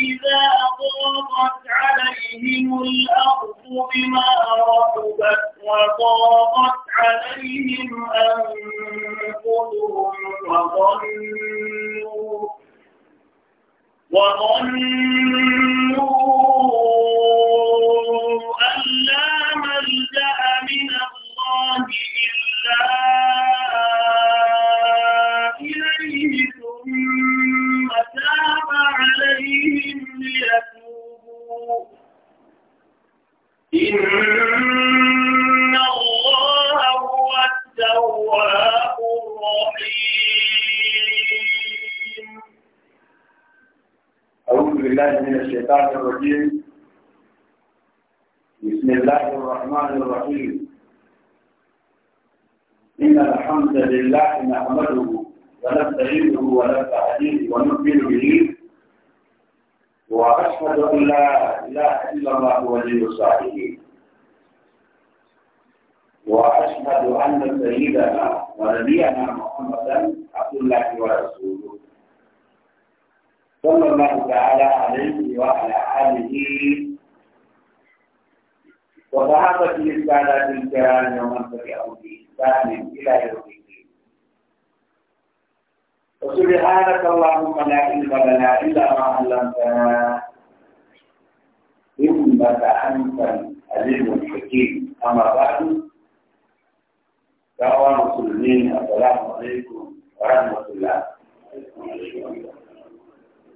إذا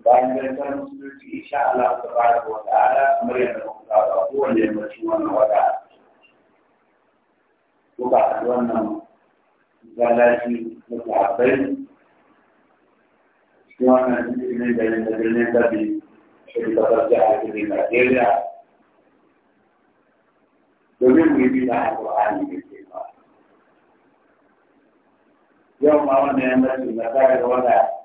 bayan garkar musulunci insha Allah ta ba da wata ala kamar yadda muka saba kowane yammacin wannan wata ko ba a wannan zalaci na sahabbai cikin wannan cikin da yin da birnin gabi shi da kasar jihar cikin Najeriya domin mu Yau ma wannan yammacin wata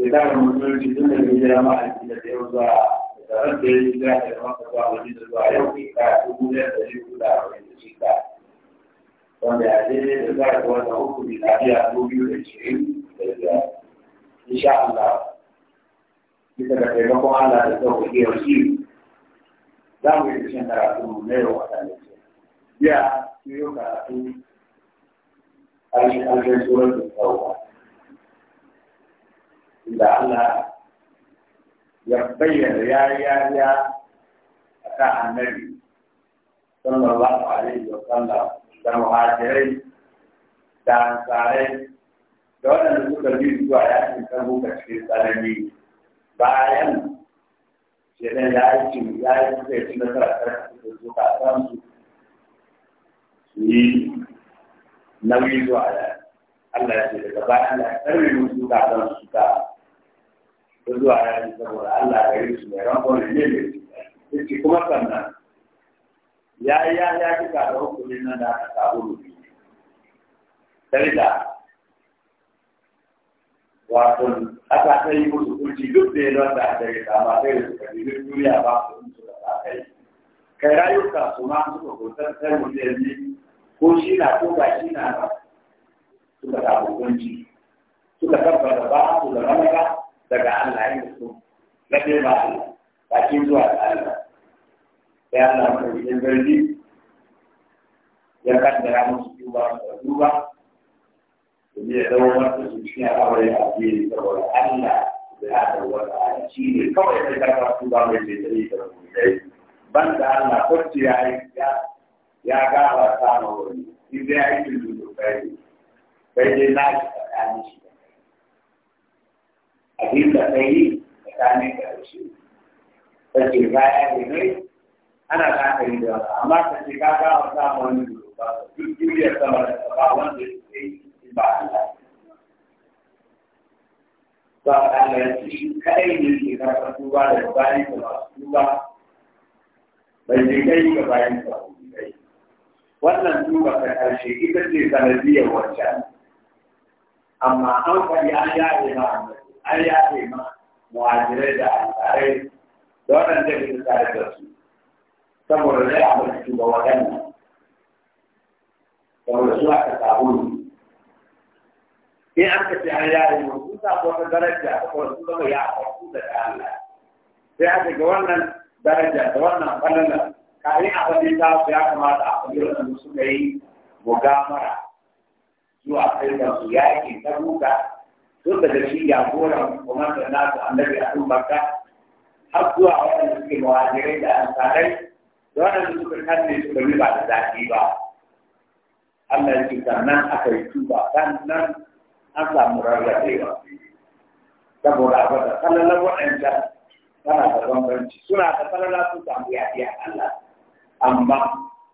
da shekarar musulunci tun da ke jira ma a cikin da yau zuwa da tsaron da ya yi jira da maka zuwa wani da zuwa yau ke ka dubu da ɗari hudu da arba'in da shida wanda ya daidai da za a ga wata uku mai lafiya ko biyu da ishirin da biyar sha Allah bisa ga taimakon Allah da sauƙi yau shi za mu yi tashin karatu mu na yau wata ne ce biya su yi karatu a cikin alƙawarin tsoron da tsawo إذا الله يبين يا يا يا أتى النبي صلى الله عليه وسلم المهاجرين الأنصارين da waɗanda suka bi zuwa yakin kan buka cikin tsanani bayan shirin yakin ya yi suka yi nasara karfi da zuka san su su yi nauyi zuwa yakin Allah ya ce daga bayan da ya karfi musu zuka san su ka ko zuwa ya yi saboda Allah ya yi su mai rankon ne ne ne ce kuma sannan ya yi ya ya fi ka da hukumin nan da aka samu rubi sarita wato aka ta yi musu kunci duk da ya da aka yi kama sai da suka yi duk duniya ba su musu da aka yi kai rayuka su ma suka kuntar sai mutum yanzu ko shi na ko ba shi na ba suka samu kurci suka tabbata ba su da ramaka daga Allah ya so na dai ba ba ki zuwa ga Allah sai Allah ya yi garbi ya kaddara musu duba da duba ne ya dawo masa su a kawai a biyu saboda Allah ya da wata shi ne kawai sai karfa duba mai sai sai da mu dai ban da Allah ko ya ya ya gaba ta mawuri in dai aikin duba kai kai dai na shi tsakanin shi abin da ka yi tsakanin ka da shi ta ce baya ne mai ana kakari da wata amma ta ce ka ga wa samu ba duk duniyar sama da ba wanda ya ce ba Allah ba Allah shi kadai ne ke karɓar da bayan ka masu duba bai je kai ga bayan ka kai wannan duba ta ƙarshe ita ce sanadiyar wancan amma an faɗi an yaɗe an yafe ma muhajirai da ansarai da waɗanda ke tare da su saboda zai a mutu shugaba waɗannan saboda su aka samu in an ka ce an yaye ma sun samu wata daraja saboda sun zama ya farko da Allah sai aka ga wannan daraja da wannan falala kafin a faɗi ta su ya kamata a faɗi waɗanda suka yi mugamara zuwa kai da su yaƙi ta buga duk da shi ya kora kuma da nasu annabi a ɗin baka har zuwa waɗanda suke muhajirai da ansarai da waɗanda suka kanne suka riba da zafi ba Allah ya ce sannan aka yi tuba sannan an samu ba. saboda a da kallon waɗanda tana da bambanci suna da kalala sun samu yafiya Allah amma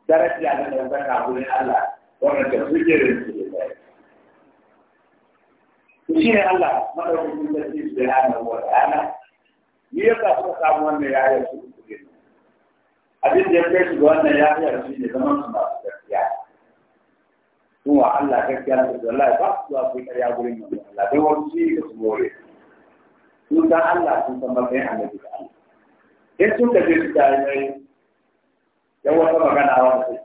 daraja da ɗaukaka wurin Allah waɗanda suke rinsu shi ne Allah madaukakin sarki su da hana wa ta'ala ni ya sa suka samu wannan yayar su kuɗi abin da ya kai su ga wannan yayar shi ne zaman su masu gaskiya sun wa Allah gaskiya da su wallahi ba su zuwa su ƙarya gurin nan Allah bai wani shi ka su more sun san Allah sun san matsayin annabi da Allah in sun ka su tare mai yan wata magana wata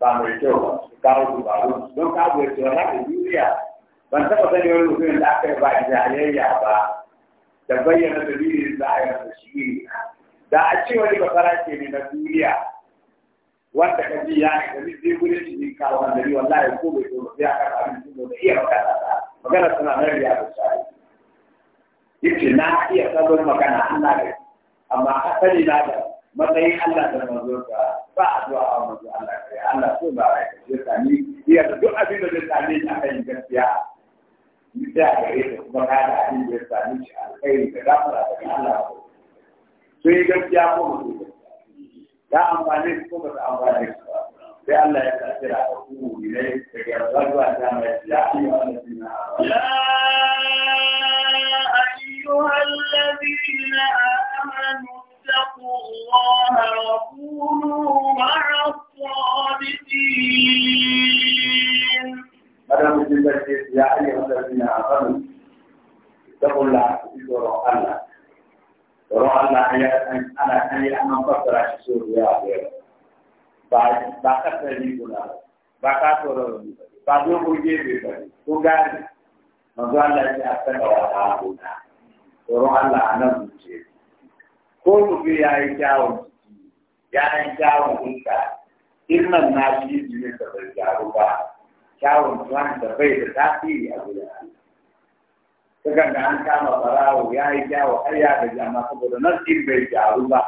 ba mai kyau ba su kawo su ba don kawo ya ce wala da duniya ban taɓa sani wani mutumin da aka yi ba jayayya ba da bayyana dalilin da a yi shi ne. da a ce wani basara ne na duniya wanda ka ji ya ne gari zai gudun shi ne kawo wanda ni wallahi ko bai so ya karɓa abin sun da iya magana ta magana tana nan ya da shi ce na iya sabon magana Allah ne amma asali na da matsayin Allah da manzo ka ba a addu'a a manzo Allah kai Allah so ba ya ka ni iya da duk abin da zai same ni akan gaskiya da gare ta kuma ka da abin da ya sami shi alkhairi da gafara da Allah to yi gaskiya ko mutum da amfani ko ba ta amfani ba sai Allah ya kafira da ku ne da gargajiya da mai ya yi wannan dina ya أيها الذين آمنوا اتقوا الله وكونوا مع الصادقين تقول لها تقول الله روح الله أنا أنا أنا مفكر في سوريا بعد بعد تاني كنا بعد تورو بعد يوم بيجي بيجي تقول مزال لا يحتاج ولا هنا روح الله أنا بيجي كل في أي جاون يعني جاون كذا إن الناس يجي يتبرع جاوبا جاون كان تبرع تاتي أبدا Sukan da an kama barawo ya yi kyawo har ya gaji amma saboda nan in bai gyaru ba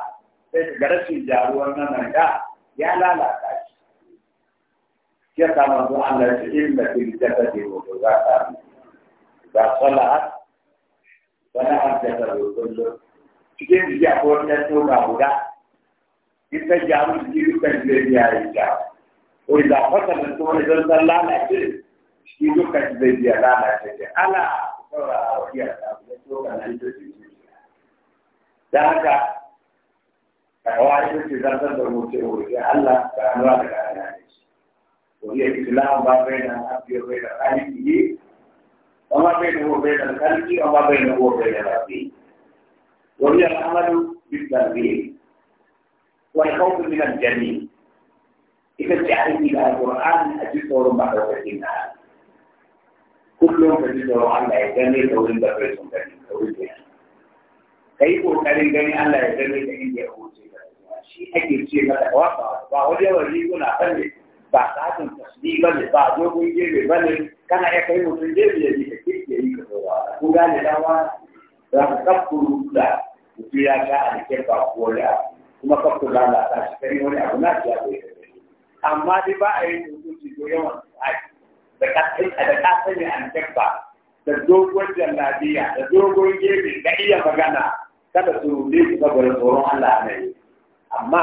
sai ga rashin gyaruwar nan da ya lalata shi. Ya kama su Allah shi in da fil jata da wato za ta ga sala'at sala'at da ta kullu cikin jiya ko ta tsoka guda in ta gyaru jikin kan zai ya yi kyawo. Ko idan fasalin tsohon don sallah lalace shi dukkan zai ya lalace ala Jangan tak. Awak itu tidak sempat bermusyawarah. Allah akan melakukan ini. Jadi Islam bapa dan abdi bapa kali ini, bapa dan ibu bapa kali ini, bapa dan ibu bapa kali ini. Jadi Allah itu bila dia, wahai kaum yang jadi, ikut cari di Al Quran, ajar orang bapa kita. kullum ka ji tsoron Allah ya gane ka wurin da bai son gani ka wurin da ka yi kokarin gani Allah ya gane ka inda ya wuce ka shi ake ce mata wafa ba wajen waje kuna kalle ba katin tasbi ba ne ba dogon gebe ba ne kana iya kai mutum gebe ya ji ka kirki yi ka tsoron ku gane dawa za ka kafkuru da mutum ya sha alikin ba ko da kuma kafkuru lalata shi kai wani abu na shi ya bai amma dai ba a yi hukunci ko yawan ake. da kasan da sanya an antakba da dogon jallabiya da dogon gefe da iya magana kada su rude su saboda tsoron Allah ne amma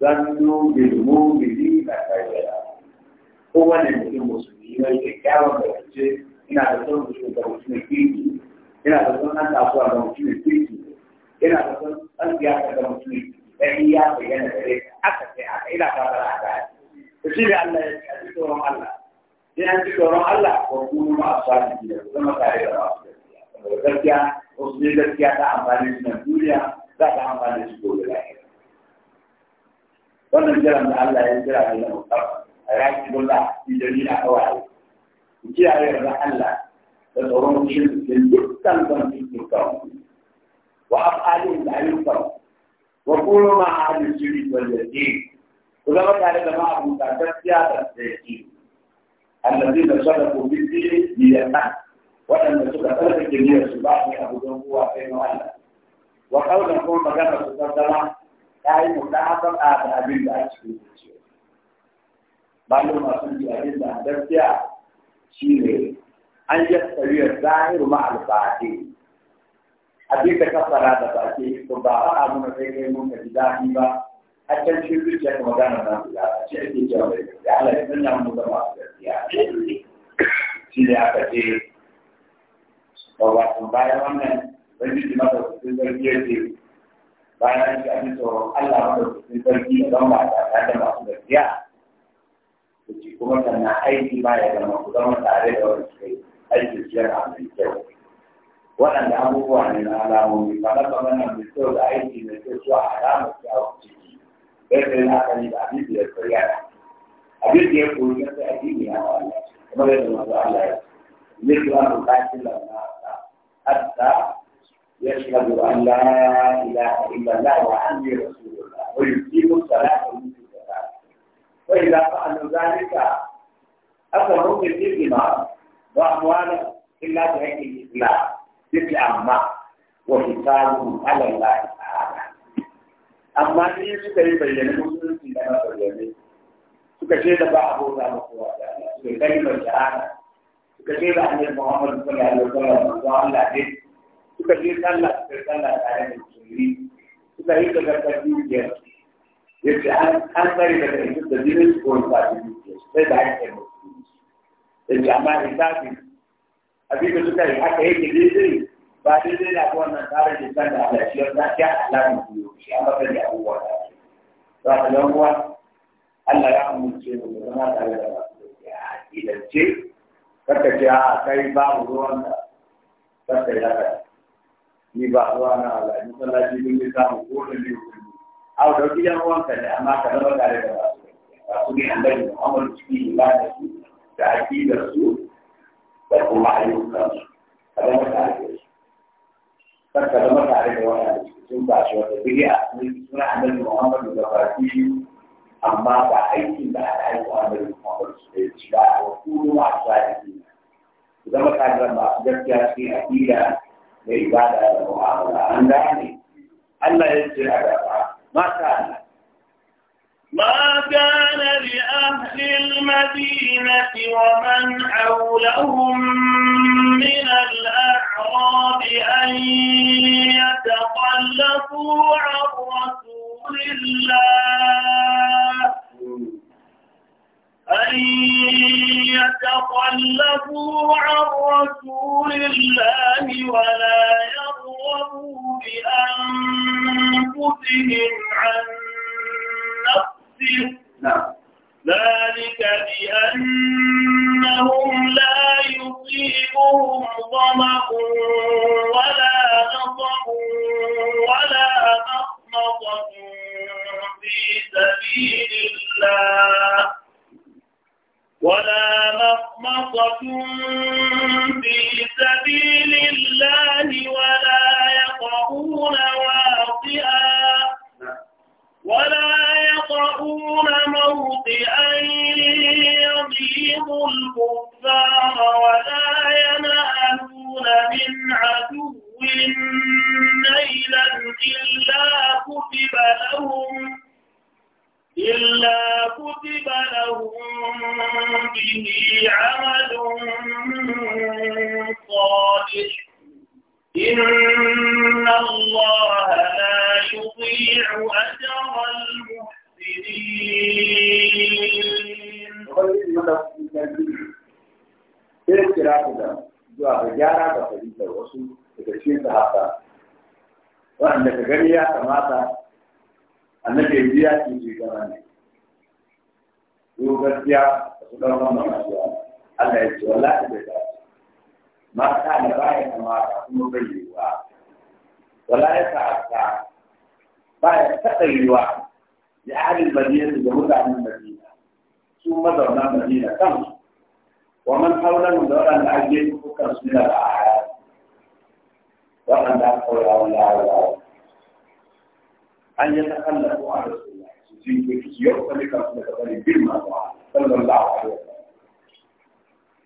zannu bil mu'mini da kayyara kowane mutum musulmi ne ke kyawun da kace ina da son mutum da mutum kirki ina da son an kasuwa da mutum kirki ina da son an siyasa da mutum kirki dan iya bayyana gare ka Haka sai aka ina fara aka shi da Allah ya ce ci tsoron Allah in an ji tsoron Allah ko kuma ma a sa jiki da zama tare da masu gaskiya gaskiya wasu ne gaskiya ta amfani su na duniya za ta amfani su gobe lafiya wannan jiran da Allah ya jira ne na musamman a yaki bulla idani na kawai ku kiyaye da Allah da tsoron shi da dukkan zanci dukkan wa afalin da ayyukan wa kuma ma a hannun shiri wanda ke ku zama tare da ma'abuta gaskiya da tsaye الذين سلكوا بالدين ليمنع ولم يسلك الا بالدنيا سبحان الله وجل وعلا وقول نقول مكان الرسول صلى الله عليه وسلم قال مدعبا على ابي الله سبحانه وتعالى بل ما سمي ابي الله دفيا شيري ان يستوي الظاهر مع الباطن أبيك كفر هذا الباطن فبعض أمنا فيه من الجزائي a can shi zuciya ka magana na su da shi ake cewa da ya Allah ya sanya mu zama su gaskiya shi da aka ce ba wato bayan wannan wani ji maka kusurin sarki ya ce bayan shi a cikin Allah maka kusurin sarki ya zama ba tare da masu gaskiya da shi kuma sannan aiki ba ya zama ku zama tare da wani suka yi aiki shi yana mai kyau waɗanda abubuwa ne na alamomi ba na kamar na mai kyau da aiki mai kyau su a alamar kyawun ciki yadda yin akali da abin da ya koya abin da ya koyi na sai addini na a kamar yadda masu Allah ya ne kuma mu kashi launa hatta ya shiga da an la ilaha illallah wa anni rasulullah wa yuqimu salata wa yutu zakat wa idza fa'alu dhalika أخذوا من الدماء وأموالا إلا بهيئة الإسلام بالأمة وحسابهم على الله amma ni suka yi bayyane musulunci da na bayyane suka ce da ba a bauta ba kowa da suka yi kalimar shahada suka ce da annabi Muhammad sallallahu alaihi wasallam manzo Allah ne suka je sallah suka sallah tare da musulmi suka yi daga tarbiyya yace an an bari daga cikin da jinin ko ta biyu sai da ake musulmi yace amma hisabi abin da suka yi haka yake daidai ba daidai na ga wannan tsarin da kan da Allah shi wannan ya alamu biyu shi an baka da abubuwa da shi to a nan kuwa Allah ya amince mu da zama tare da masu gaskiya a kidance kaka ce a kai babu ruwan da kaka ya kai ni ba ruwa na Allah ni sallaci mun yi samu ko da ne au dauki yan uwanka ne amma ka zama tare da masu gaskiya su ne annabi Muhammad cikin ibada su da aqidar su da kuma ayyukan su kada mu tare فكذا ما تعرف وانا تنبع شو تبيه أصلي عمل محمد الزفارتي أما بحيث لا أعرف عمل محمد الشباب وكل مع الصالحين إذا ما كان لما أصدقت ياسين أكيدا لإبادة المعاملة عن ذلك ألا يجري على ما كان ما كان لأهل المدينة ومن حولهم من الأعراب أن يتخلفوا عن رسول الله أن يتخلفوا عن رسول الله ولا يرغبوا بأنفسهم عن نفسه نعم. ذلك بأنهم لا يصيبهم ظمأ ولا نصب ولا مخمصة في سبيل الله ولا مخمصة في سبيل الله ولا يقعون واطئا ولا يقعون في gani ya kamata annabi biya ki ji gaba ne ko gaskiya su da wannan masuwa Allah ya ce wallahi bai da mata da baya kamata kuma bai yi wa wallahi ta ta baya kada yi wa ya halin madina da mutanen madina su mazauna madina kansu wa man haulan da waɗanda ake kukan su da ba'a waɗanda aka kaura wani yawon أن يتخلفوا عن رسول الله يختلف رسول الله بما صلى الله عليه وسلم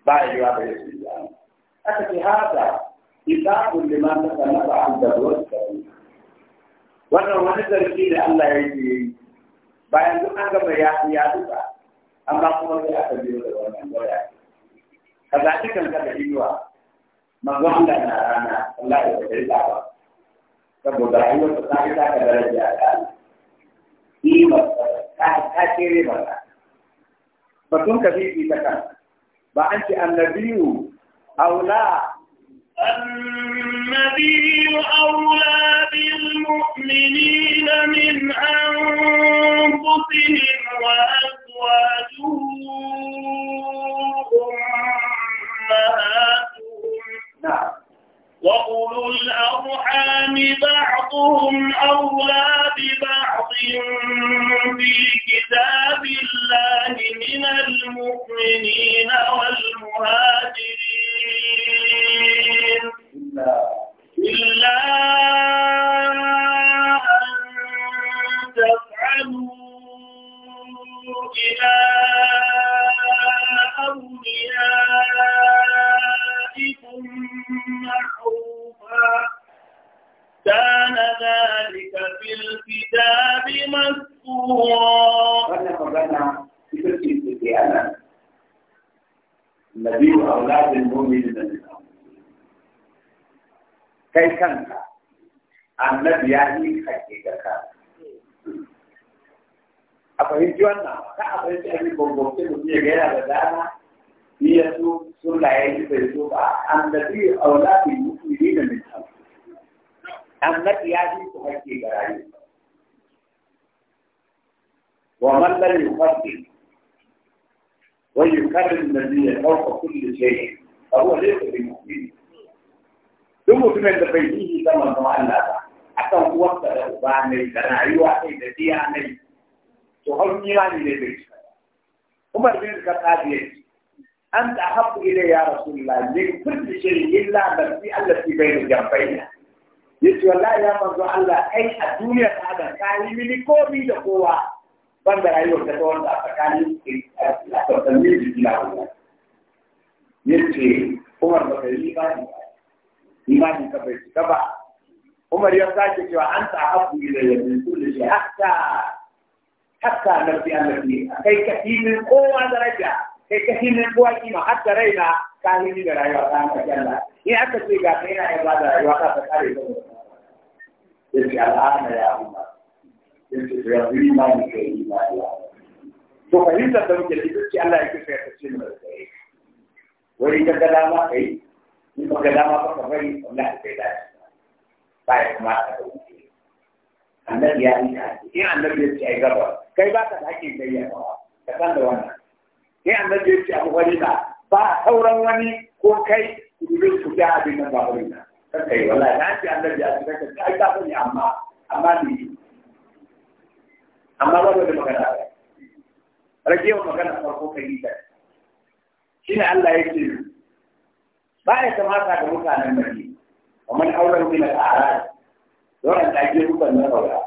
بعد يوم رسول ta أتى هذا كتاب da تخلف عن دعوته wannan wani zargi da Allah ya yi bayan duk an gama ya ya duka ba kuma sai aka biyo da wannan waya ka zaci kanka da inuwa manzon Allah na rana Allah ya yarda ba saboda rayuwar ta ta ka daraja a kan kimar ta ta kere mata batun ka fifi ta kan ba an ce annabiyu aula النبي أولى بالمؤمنين من أنفسهم وأزواجه وأولو الأرحام بعضهم أولى ببعض في كتاب الله من المؤمنين والمهاجرين إلا أن تفعلوا إلى أوليائكم كان ذلك في الكتاب مسطورا النبي أولاد المؤمنين من kai kanka annabi ya yi hakika ka a fahimci wannan ka a fahimci abin bambamce mutum ya gaya iya امت یادی تمہیں کی گرائی ومن لن يفرق ويكرم النبي فوق كل شيء فهو ليس بمؤمن ثم تمن بيته كما هو الله حتى هو وقت الربان لنا اي أيوة واحد الذي يعمل تهم نيران الى بيته عمر بن الخطاب انت احب الي يا رسول الله من كل شيء الا التي التي بين جنبينا yace wallahi ya manzo Allah ai a duniyar adam ka yi mini komi da kowa ban da rayuwar ta wanda a tsakanin tsakanin jiki na wannan yace Umar ba kai imani imani ka bai cika ba Umar ya sake cewa an ta haku ila yanzu kullu shi hatta hatta nabi annabi kai ka himin kowa daraja kai ka himin kowa kima hatta raina ka ni da rayuwa ta ka Allah in aka ce ga kai na ibada rayuwa ta ta kare ta yake al'ana ya Allah yake to yanzu imani kai imani ya to fahimtar da muke da duk Allah yake sai ka ce mu da kai wani ka gada ma kai in ba gada ma ba ka bari wallahi sai da ba ya kuma ka da annabi ya yi ka in annabi ya ce ai gaba kai ba ka da hakkin kai ya ka san da wannan annabi ya ce abu wani ba sauran wani ko kai ku ku ga abin nan ba wani na kaka yi wallahi na ce annabi a cikin ka ai ka sani amma amma ni amma ba da magana ba rage wa magana farko ka yi ta shine Allah yake ba ya kamata ga mutanen bari ومن أولى من الأعراب دون تأجيل من الأولى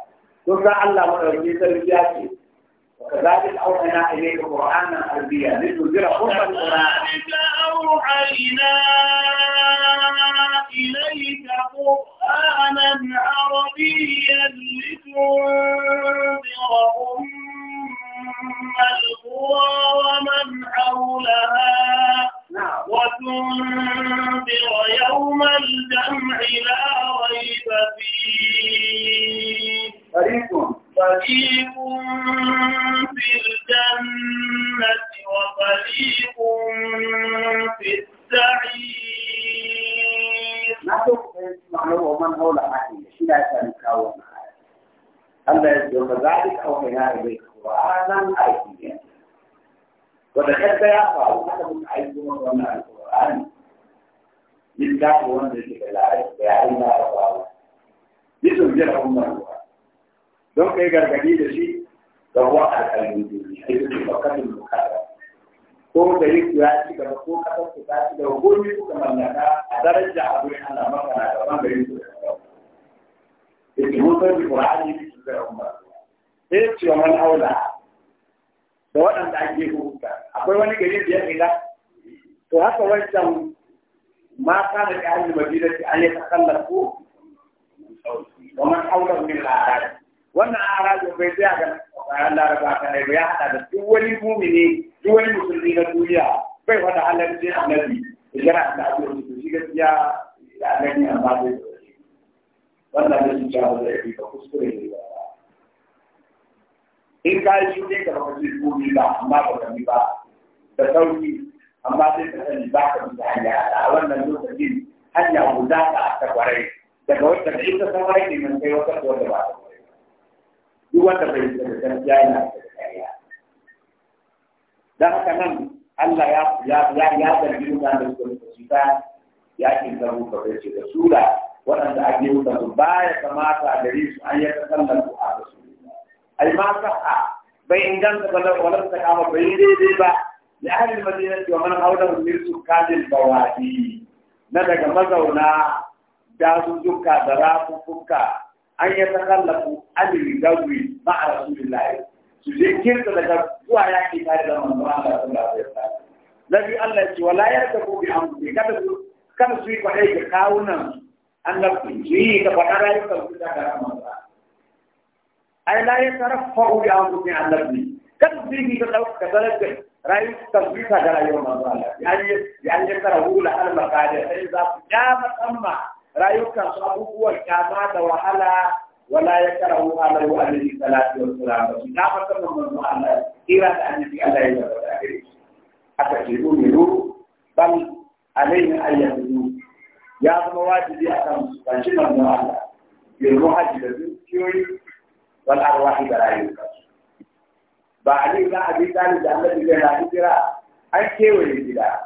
ترجع الله ولو جيت الجاسي وكذلك أوحينا إليك قرآنا عربيا لتنذر أم القرآن كذلك أوحينا إليك قرآنا عربيا لتنذر أم القرى ومن حولها نعم. وتنذر يوم الجمع لا ريب فيه فريق في الجنة وفريق في السعير na haula ahli shi na yasa ni kawo Allah ya ce wa ya faru haka muka aiko maka wannan alqur'ani da la'ayi da da don kai gargadi da shi ga wa alƙalmi ne ita ce bakatun bukata ko gari ku ya ci gaba ko kasar ku ta ci gaba gobe ku ka mallaka a daraja a gurin Allah maka na gaban gari ku da gaba. Ibi mutar da Kur'ani da su zai umma. Sai ci wa man aula da waɗanda ake hukunta. Akwai wani gari da ya fita. To haka wancan mata da ƙarin madina an yi takallafu wa man aula min al'adari. وانا اراد ان بيتي اجا قال الله رب العالمين يا هذا دول المؤمنين دول المسلمين الدنيا في هذا على النبي جاء النبي جاء النبي يا النبي ما بي والله من جاء الله يبي فكسره إن كان شو ذيك ربك يقول لي لا ما بدك نبى تسوي أما تسوي نبى كم تهني على أول من يوصل جيل هني أبو ذات أحسن قريب تقول تدعي تسوي لي من تيوتر قوة بعده duk wanda bai da gaskiya yana da gaskiya dan haka nan Allah ya ya ya ya zargi mutanen da suka ya yakin da mu kawai ce da sura waɗanda ake yi da su ya kamata a gare su an yi ta sallar su a su ai ma sa'a bai inganta ba wala ta kama bai daidai ba ya ahli madinati wa man hawla min sukkadil bawadi na daga mazauna dazuzzuka da rafuffuka an yi takallafu an rigawi ma a rasu da rasulullahi su je kirka daga zuwa yaki tare da manzon Allah sallallahu alaihi wasallam nabi Allah ce wala ya ta yarkabu bi amri kada su kada su yi kwadai ga kawunan an lafi su yi ta faɗa rayukan su da karamar ai rafa ya an bi amri lafi kada su yi ka dauka darajar rayu tabbita da rayuwar manzo Allah ya yi ya yi tara hula al-maqadir sai za ku ja musamman rayukan su abubuwan kama da wahala wala ya karahu ala wa alaihi salatu wa salam ba na fata mun Allah kira da annabi Allah ya bada gare shi aka ce umiru bal alaihi ayyadu ya zama wajibi akan su kan shi manzo Allah bil ruhaji da zuciyoyi wal arwahi da rayuka ba ali na abi talib da Allah ya hijira an kewaye gida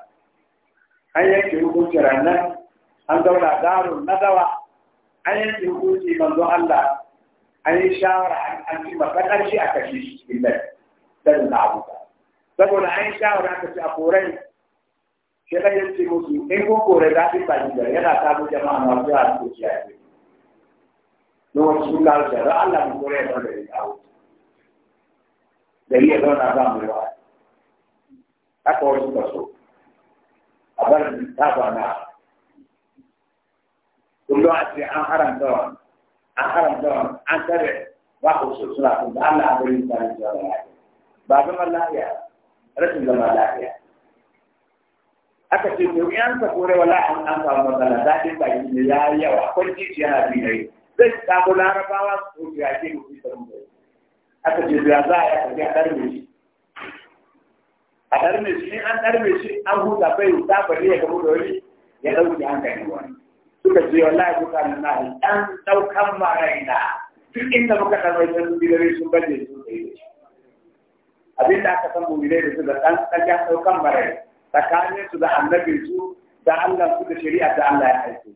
an yanke hukuncin ranar an zauna darun nadawa an yanke hukunci manzo Allah an yi shawara an ci maka ƙarshe a kashe shi cikin lai dan da abuka saboda an yi shawara aka ci a korai shi da yanke musu in ko kore za ɗin baki da yana samu jama'a masu yawa su ci a ce lokacin sun kawo shi don Allah mu kore ya da ya kawo da iya zauna ba mu yi yawa haka wasu kaso a bar ta ba na kullum a ce an haramta wa an haramta wa an tare ba ku so suna kun da Allah bai yi tsarin zuwa lafiya ba zama lafiya rashin zama lafiya aka ce to in ka kore wala an an samu matsala daɗin baki ne ya yi yawa akwai kici yana bi ne zai samu larabawa su ya ke mutu da aka ce ya za a yi kaji a ɗarme shi a ɗarme shi an ɗarme shi an huta bai huta bari ya gamu da wani ya ɗauki hankali wani suka ce wa wallahi mutanen na yi ɗan ɗaukan marai na duk inda muka ɗan wajen sun bi gare sun baje sun tsaye da shi abin da aka san mummire da su da ɗan ɗaga ɗaukan maraina tsakanin su da annabin su da Allah su da shari'a da Allah ya haife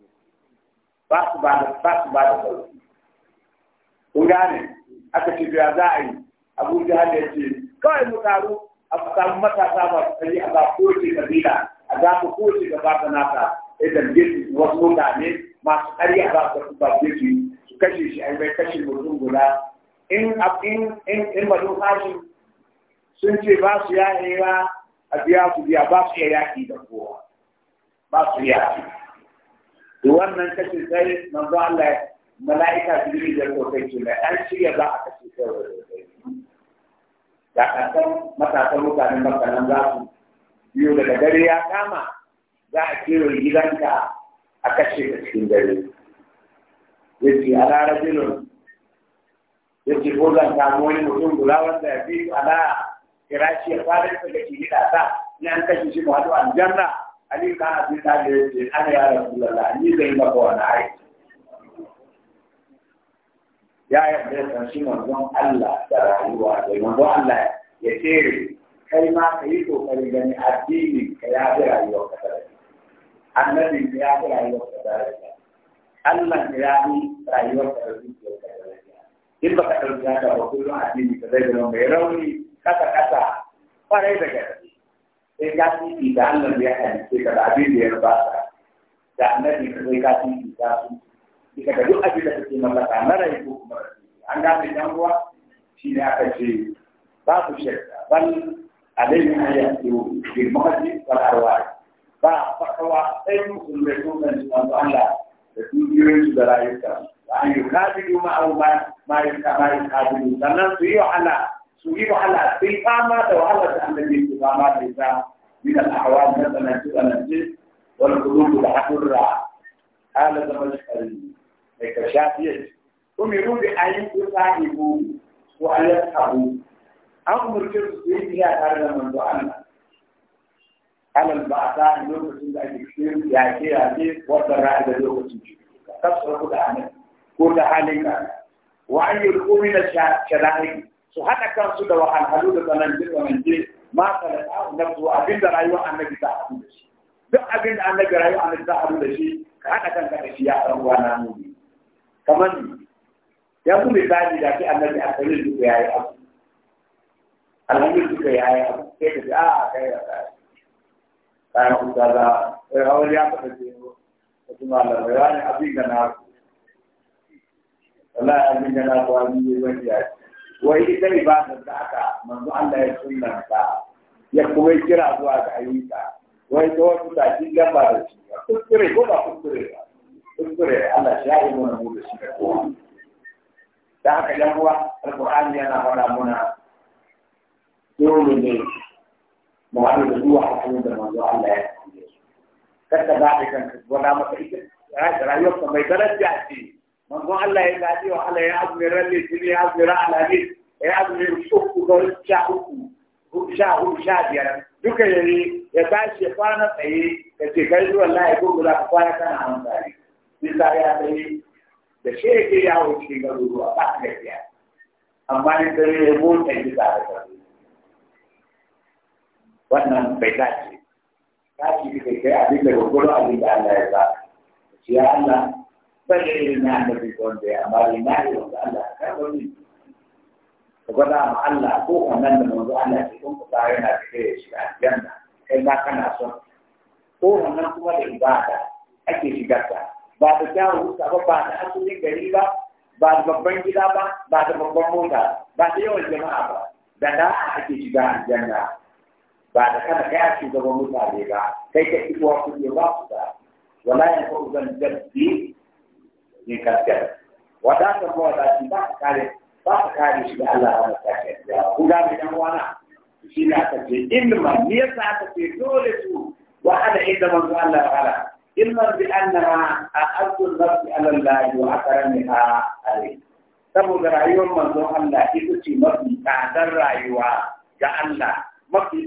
ba su ba da ba su ba da sauki kun gane aka ce biya za a yi abu jihar ya ce kawai mu taru a samu matasa ba su sani a ba ko kowace kabila a za ku mu kowace gaba ta nata idan gefe wasu mutane masu ƙarya ba su ba gefe su kashe shi ai mai kashe mutum guda in in in in mutum hashi sun ce ba su ya ba, a biya su biya ba su ya yaƙi da kowa ba su yaƙi to wannan kashe sai manzo Allah mala'ika biyu da kokai ce da an shirya ba a kashe sai wani da kasan matasan mutanen makanan za su biyo daga dare ya kama ذاكير الجيرانكا أكشف السكندري يجي على رجل يجي فوزا كامون مطلوب بلاوان تأبيب على كراشي خالد فلكي لداتا نعم تشيش مهدو عن جنة علي كان في تاجر أنا يا رسول الله أني زي ما بوانا عايز يا يا بيتنا شيء مظلوم الله ترى هو هذا ما هو الله يسير كلمة كيتو كلمة أديني كلمة رأيو كتره annabin ya fi rayuwar ka daraja Allah ya fi rayuwar ka da zuciyar ka daraja in baka ɗauki haka ba kullum addini ka zai zama mai rauni kasa kasa kwarai da gaske sai ka titi da Allah ya halice ka da abin da ya rubata da annabi ka sai ka titi da su da duk abin da kake mallaka na rai ko kuma an gane dan uwa shi ne aka ce babu shakka bal alayhi ayatu bil muhaddith wal arwah ba fakawa sai musulmai sun san manzo Allah da dukiyoyin su da rayuka an yi kabilu ma au ma ma yi kama yi kabilu sannan su yi wahala su yi wahala sai fama da wahala da annabi su fama da ita من الأحوال مثلا تؤمن والقلوب الحرة هذا تمشكل لكشافية أمروا بأن يصاحبوا وأن يصحبوا أمر كرسي بها هذا من دعانا alal ba ta lokacin da ake cikin yaƙe yaƙe wata ra'ayi da lokacin ciki da kuɗa ko da halin ka wa an yi rukumi na sharahi su haɗa kansu da wahalhalu da tsananje tsananje ma salata na su abin da rayuwar annabi ta haɗu da shi duk abin da annabi rayuwar annabi ta haɗu da shi ka haɗa kanka da shi ya ɗan uwa na nuni kamar ya ku misali da ke annabi a kare duka ya yi abu alhamdulillah duka ya yi abu sai ka ji a ah, kai ya kai kayan ustaza sai hawar ya faɗa ce wasu malamai wani abin da na ku wallahi abin da na ku wani ne wani ya ce wai ita ibadar da aka manzo Allah ya ta. ya kuma kira zuwa ga ayyuka wai ta wasu ta ci gaba da shi kuskure ko ba kuskure ba kuskure Allah ya yi mana mu da shi da kowa da haka yan uwa alqur'ani yana faɗa muna dole ne muhammadu zuwa da manzo Allah ya su kada za maka ita mai daraja ce manzo Allah ya kaji wa Allah ya azumi ralle shi ya azumi ra'alani ya azumi uku ga sha uku sha uku sha biyar duka ya yi ya tashi ya kwana tsaye da ce kai zuwa Allah ya gugu za ka kwana kana hankali bisa ya tsaye da shi yake yawo cikin garuruwa ba ka gaskiya amma ni dare ya da karfi wannan bai dace dace da kai abin da gwagwaro ya ba shi ya Allah ban da irin na annabi wanda ya amma ina ne wanda Allah ya ma ko ke kuma da ibada ake shigarta ba da kyawun ba ba da gari ba ba gida ba ba mota ba yawan jama'a ba da da'a ake shiga aljanna ba da kana ya shugaban mutane ba kai ka fi kuwa kuɗi ba su da wala ya ko zan dabbi ne kaskar ta ko wadati ba ka kare ba ka kare shi da Allah wani sake Ya ku ga mai dan wana shi ne aka ce ne ya sa aka ce dole su wa ana inda manzo Allah ta'ala ilman bi annama a'azzu nafsi ala Allah wa akramiha alayhi saboda rayuwar manzo Allah ita ce mafi tsadar rayuwa ga Allah مكي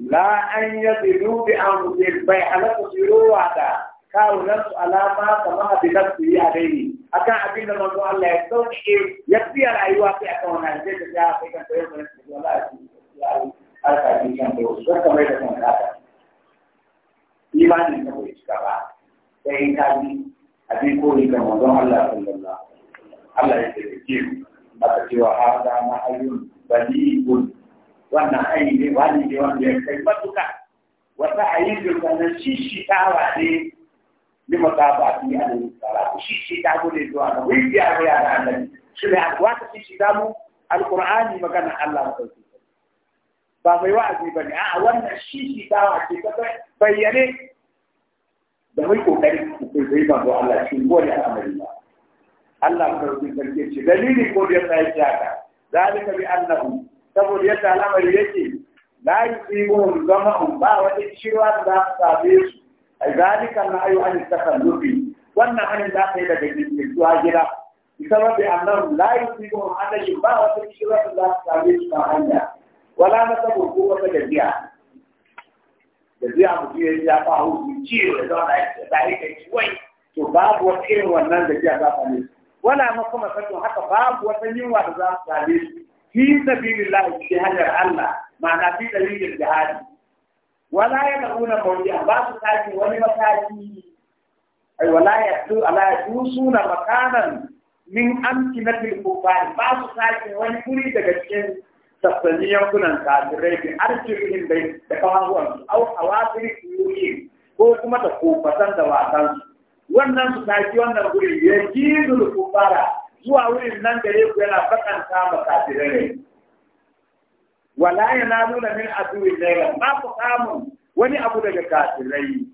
لا أن يضلوا بأنفسهم بيع لك سيروا هذا كاو نفس على ما تما بنفسه عليه أكا عبين ما قال الله يكتون إيه يكفي على أيوة في أكونا يجب أن تجاه في كان تريد من الله يكتون الله يكتون الله يكتون الله يكتون الله يكتون الله يكتون الله أبي كوني كما دون الله صلى الله عليه وسلم الله يكتون الله يكتون الله يكتون الله يكتون الله يكتون الله يكتون الله يكتون الله يكتون الله يكتون الله يكتون الله يكتون الله يكتون الله يكتون الله يكتون الله يكتون الله يكتون wannan aini ne wani ne wanda ya kai matuka wata ayin da ta shishitawa ne ni a fi alaihi salatu ta ko ne zuwa ga wani ya ga ya Allah shi ne wata ta mu alqur'ani magana Allah ta ce ba mai wa'azi ba ne a wannan shishitawa ce ta bayyane da mai kokari ku kai ba Allah shi gode al'amari ba Allah ta ce dalili ko da ya tsaya ta zalika bi annahu saboda yadda alamar yake la yusibu hum zama ba wani ciwa da za su same su A zalika na ayu an takallufi wannan hannun za ta yi daga zuwa gida sababi annan la yusibu hum adashi ba wata ciwa da za su same su ba hanya wala na sabo ko wata gajiya gajiya mutum ya ji ya fa hu ciwo da za ta yi da yake ciwai to babu wata irin wannan gajiya za su same su wala ma kuma sai haka babu wata yunwa da za su same su fi sabilillah fi Allah ma'ana fi dalilin jihadi wala ya nuna mawdi'a ba su taki wani mataki ay wala ya tu ala yusuna makanan min amkinatil kufar ba su taki wani guri daga cikin sassanin yankunan kafirai bin arzikin bai da kawawan au hawafin yuri ko kuma da kofatan da wasan wannan su ya zuwa wurin nan da ku yana bakanta ma kafirai ne wala nuna min aduwwi zaira ma ku kamun wani abu daga kafirai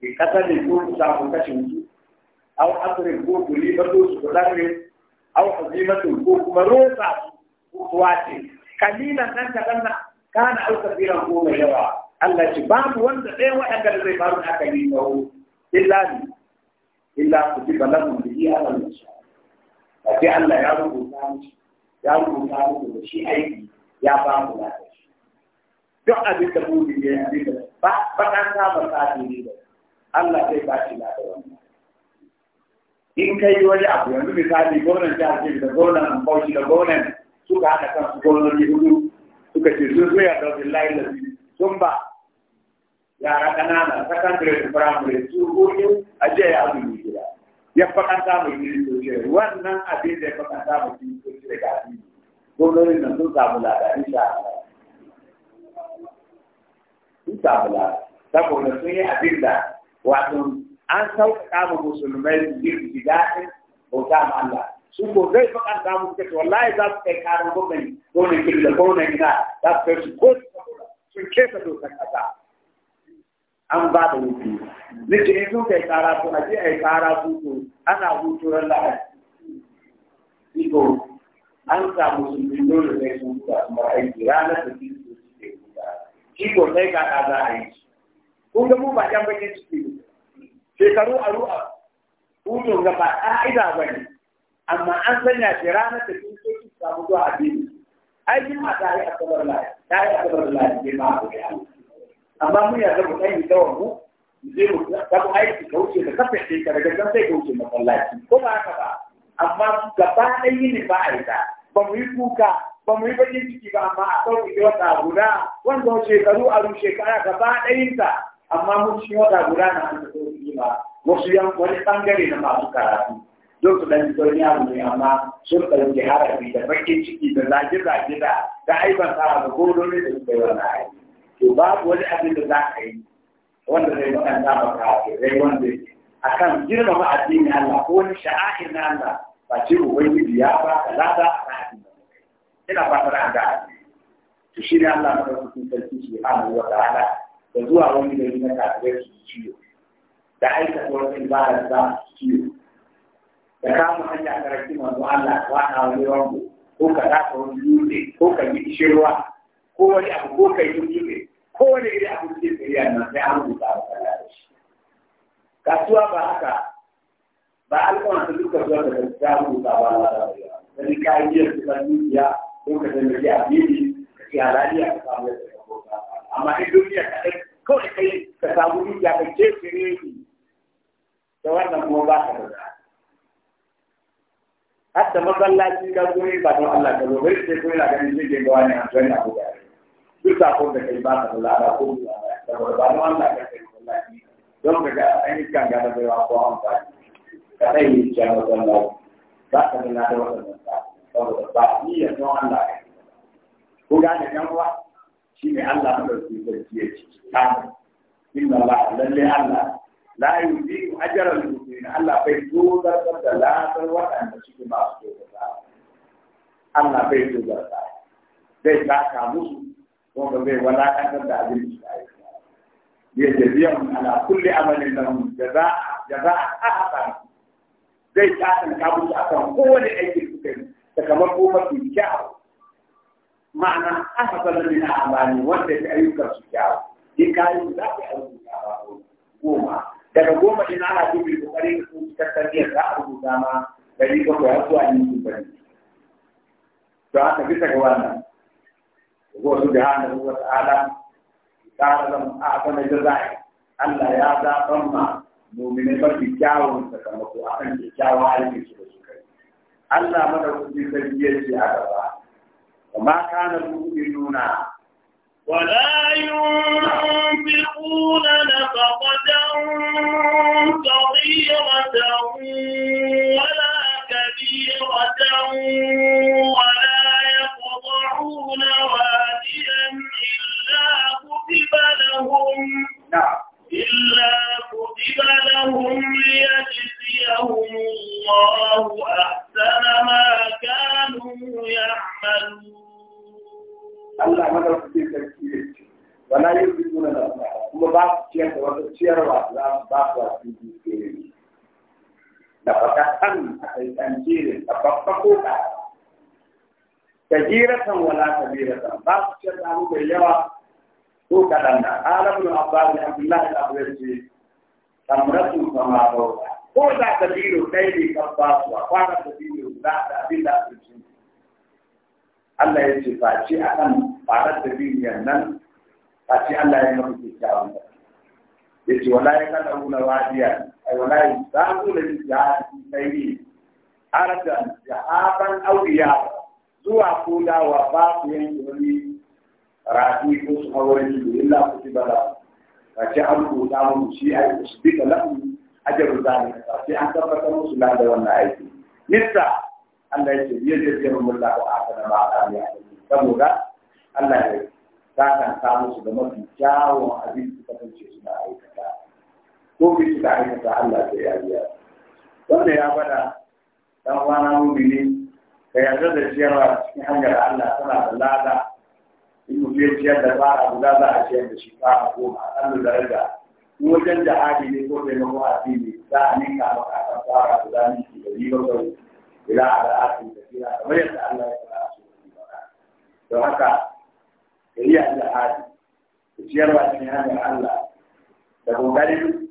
bi kasalin ku samu kashin ku. aw asrin ku kuli bado su kudare aw azimatun ku kuma rosa ku tuwace kalilan nan ka kana au ku mai yawa Allah ci mu wanda ɗaya waɗanda zai faru da aka yi illa ni illa ku ji balagun da iya a ce Allah ya rubuta miki ya rubuta muku da shi aiki ya ba mu lafiya duk abin da mu ne ya yi ba ba kan samu kafiri ba Allah zai ba shi da wannan in kai wani abu yanzu misali gwamnan ta ce da gwamnan bauchi da gwamnan suka haɗa kansu gwamnoni hudu suka ce sun zo ya ɗauki layi da sun ba yara ƙanana sakandare da firamare su hudu a jiya ya azumi ya fakanta mu kiristoci wannan abin da ya fakanta mu kiristoci daga addini gwamnonin nan sun samu lada insha Allah sun samu lada saboda sun yi abin da wato an sauƙaƙa mu musulmai su ji su daɗin bauta ma Allah su ko zai fakanta mu kiristoci wallahi za su kai karin gwamnati gwamnati ko gwamnati na za su kai su ko sun kesa dokar ƙasa an ba da hutu nake in sun kai kara su ce a yi ai su su ana hutu ran lahadi iko an samu su bin dole sai sun huta kuma aiki ranar da su suke huta iko sai ga ɗaza a yi kun ga mu ba jan bakin ciki shekaru a ru'a hutun ga ba ƙa'ida ba ne amma an sanya shi ranar da sun su suke samu zuwa a biyu ai ma ta yi asabar lahadi ta yi asabar lahadi ne ma a kuɗi amma mun yarda mu kai da wangu zai mu ta mu aiki ka wuce da kafa ce ka daga kan sai ka wuce masallaci ko ba haka ba amma gaba yi ne ba a yi ta ba mu yi kuka ba mu yi bakin ciki ba amma a sauƙi da wata guda wanda shekaru a rushe shekara gaba ɗayinta amma mun ci wata guda na an da sauƙi ba wasu yan wani ɓangare na masu karatu don su ɗan jikin yaro ne amma sun ɗauki harafi da bakin ciki da zage-zage da da aibanta da golomi da suka yi wani aiki. to babu wani abin da za ka yi wanda zai makanta maka rai wanda akan girmama addinin Allah ko wani sha'a'ir na Allah ba ce ubangiji ya ba ka lada a ra'ayin da ina fatar an ga to shi ne Allah madaukakin sarki subhanahu wa ta'ala da zuwa wani gari na kafirai su ciwo da aikata wani ibada za su ciwo da kama hanya karaki manzo Allah wa na wani rango ko ka dafa wani dutse ko ka yi ishirwa ko wani abu ko ka yi dutse kowane iri abin da zai yi na sai an rubuta a kana da shi kasuwa ba haka ba alƙawarin da duka zuwa da ta rubuta ba na da shi dan ka yi yin da dukiya ko ka san da ya bibi ka ci halali a ka samu da ka amma in duniya ka dai kawai kai ka samu dukiya ka ce fere ni da wannan kuma ba ka da hatta masallaci ka zo ba don Allah ka zo bari sai ko ina ganin zai ga wani an zo ne abu duk sakon da kai ba ka da lada ko da saboda ba mu Allah ka kai wallahi don ka ga an yi kan gada bai wa ko an ba ka dai yi ciya wannan ba ka da lada wannan saboda ba ni ya don Allah ko ga ne kan wa shine Allah da su da ya ci ta inna Allah lalle Allah la yuzi ajra al-mu'min Allah bai zo da da ladar wadanda suke masu da Allah bai zo da zai saka musu ko ba zai walakantar da abin da shi aiki ya jaziyahum ala kulli amalin lahum jaza'a jaza'a ahsan zai tatan kabu ko wani aiki suka yi sakamako mafi kyau ma'ana ahsan min a'mali wanda ya ayyuka su kyau in ka yi za ka rubuta ba goma daga goma ina ana dubi kokari da sun cikin tarbiyyar za a rubuta ma dari bakwai har zuwa yin su bari to haka bisa ga wannan ko subhanahu wa ta'ala ta zama a kana jaza'i Allah ya zaɓan ma mummune mafi kyawun sakamako a kan kyakkyawan aikin su da su kai. Allah mana kuɗi sarki ya ce a gaba. Amma kana mummune nuna. ولا ينفقون نفقة صغيرة ولا كبيرة لهم إلا كتب لهم ليجزيهم الله أحسن ما كانوا يعملون Allah madaukakin sarki ne ce, wala yin bisu na nasa, kuma ba su ciyar da wata ciyarwa za su ba su wasu bisu Da baka kan a ka. ba su yawa ko kaɗan da alamun abbas da abdullahi da abuwar ce tamratun sama bauta ko za ka biro ɗaya ne kan basuwa kwana ka biro za ka abin da abinci Allah ya ce face a akan fara da nan. nan face Allah ya mafi kyakkyawan da ya ce wala ya kada wuna wadiya ai wala ya samu da jihadi sai ne arda jahaban auliya zuwa kulawa ba su yanke wani rafi ko su hawarni da illa ku ci bala ba ce an kuta mu shi ai su Aja da lahu ajaru zani ka sai an tabbatar musu la da wannan aiki nista Allah ya ce biye da jira mun ko aka da ba ya saboda Allah ya ta kan musu da mafi kyawun abin da kasance suna aikata ko bi su da aikata Allah ya biya. wanda ya bada dan wana mumini ne ka yarda da a cikin hanyar Allah tana da lada in mutum ya ciyar da fara guda za a ciyar da shi fara goma a kan daraja in wajen da jihadi ne ko taimako addini za a ninka maka a kan fara guda ninki da biyu bakwai ila al'adun da kira kamar yadda Allah ya fara a cikin don haka yi da iya jihadi ciyar ciyarwa cikin hanyar Allah da kokarin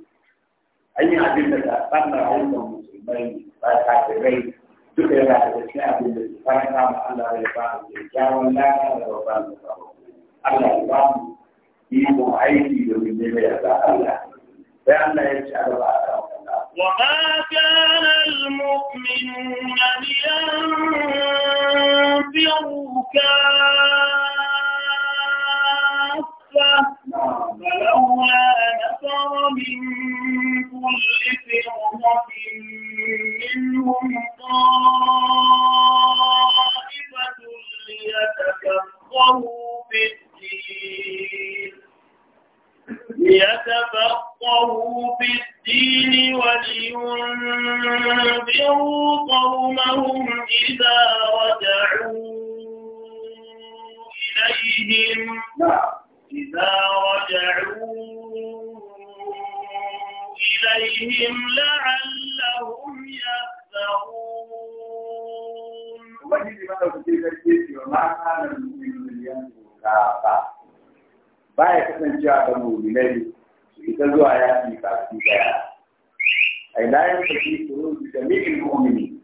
an yi abin da ta a ayyukan musulmai ba kafirai duka yana da cikin abin da ke fara kama Allah ya ba mu kyakkyawan lafiya da babban da Allah ya ba mu ikon aiki domin neman yarda Allah. Sai Allah ya ci a gaba a kan المؤمنون لينفروا كافرين فلولا نفر من كل فرقة منهم طائفة ليتفقهوا في الدين ولينذروا قومهم إذا رجعوا إليهم نعم. إذا رجعوا إليهم لعلهم يذكرون وجد ما تقول لك وما كان المؤمن لينظر كافة baya kasancewa muminai su ita zuwa yaƙi kafin daya ai layan su da mi'in